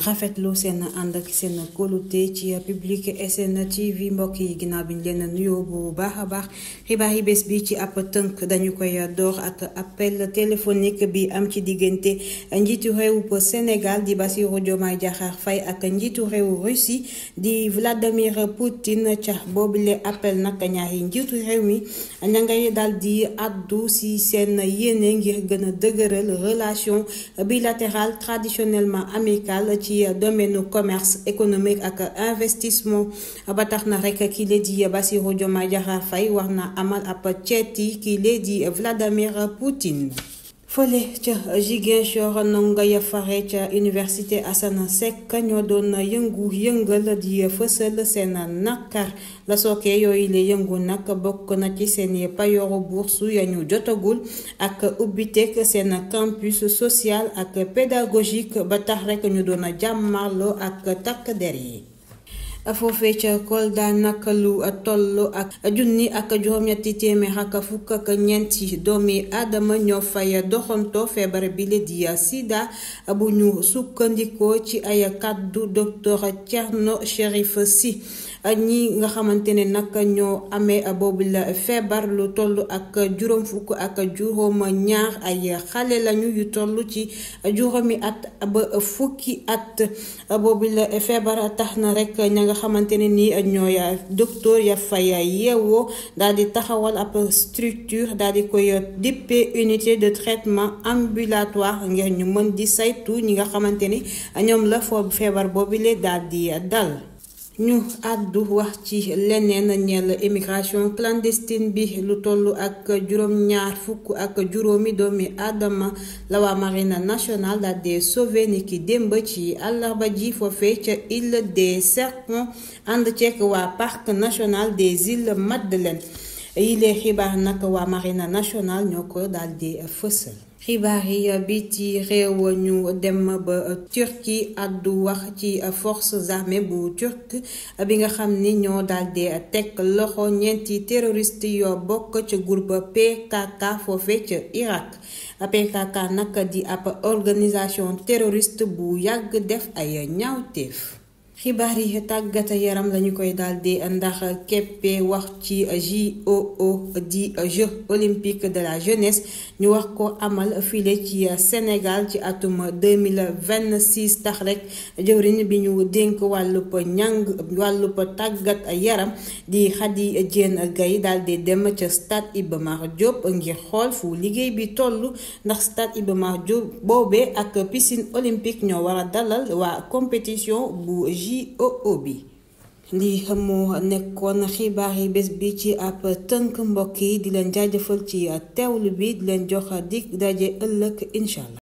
Rafet seen and ak seen kóolute ci public SN TV mbok yi ginnaaw bi len leen nuyoo bu baax baax xibaar yi bi ci ap tënk dañu koy door ak appel téléphonique bi am ci diggante njiitu réew Sénégal di Bassirou Diomaye Diakhar ak njiitu réew Russie di Vladimir Poutine ca Bobble appel nag ñaari njiitu réew mi ña ngay di addu si seen yene ngir gëna a relation bilatérale traditionnellement amicale ci domaine commerce économique ak investissement ba na rek kii la di Bassirou Diomaye Diakhar Faye amal ap ceeti qui la di Vladimir Poutine. fële ca Ziguinchor ndongo ya fare ca université Assane Seck ñoo doon yëngu yëngal di fësal seen nakar la sooke yooyu la yëngu nag bokk na ci seen payooru bourse ya ñu jotagul ak ubbiteeg seen campus social ak pédagogique ba tax rekk ñu doon jàmmarloo ak takk der yi. foofee ca Kolda nag lu ak junni ak juróom-ñetti téeméer ak aadama ñoo fay doxantoo feebar bi la bu ñu sukkandikoo ci ay kàddu docteur Thierno Chérif Sy ñi nga xamante ne nag ñoo amee boobu la feebar lu toll ak juróom juróom ñaar ay xale lañu yu toll ci juróomi at fukki at boobu la feebar tax na rek nga xamante ne nii ñooy docteur ya fay yeewoo daal di taxawal ab structure daal di koy dippe unité de traitement ambulatoire ngir ñu mën di saytu ñi nga xamante ni ñoom la foo feebar boobu le daal di dal ñu àddu wax ci leneen ñeel immigration clandestine bi lu toll ak juróom-ñaar fukk ak juróomi doomi aadama la waa marine nationale daal di sauvé démb ci àllarba ji foofe ca île des serpents ànd ceek waa parc national des îles Madeleine yile xibaar nag waa marine nationale ñoo ko daal di xibaar yi bi ci réew ñu dem ba Turquie du wax ci forces armées bu turc bi nga xam ni ñoo daal di teg loxo ñeenti terroriste yoo bokk ca groupe PKK foofe ca Irak PKK nag di ab organisation terroriste bu yàgg def ay ñaawteef. xibaar yi tàggat yaram lañu koy daal di ndax keppe wax ci JOO di Jeux olympiques de la jeunesse ñu wax ko amal file ci Sénégal ci atum 2026 tax rek jëwriñ bi ñu dénk wàllub ñàng wàllub tàggat yaram di xadi Diène Gaye daal di dem ca stade Iba Diop ngir xool fu liggéey bi toll ndax stade Iba Diop boobee ak piscine olympique ñoo war a dalal waa compétition bu جي او او بي li xamoo nekkoon xibaar yi bés bi ci ab tënk mbokk yi di leen jaajëfal ci teewlu bi di leen jox dig daje ëllëg incha allah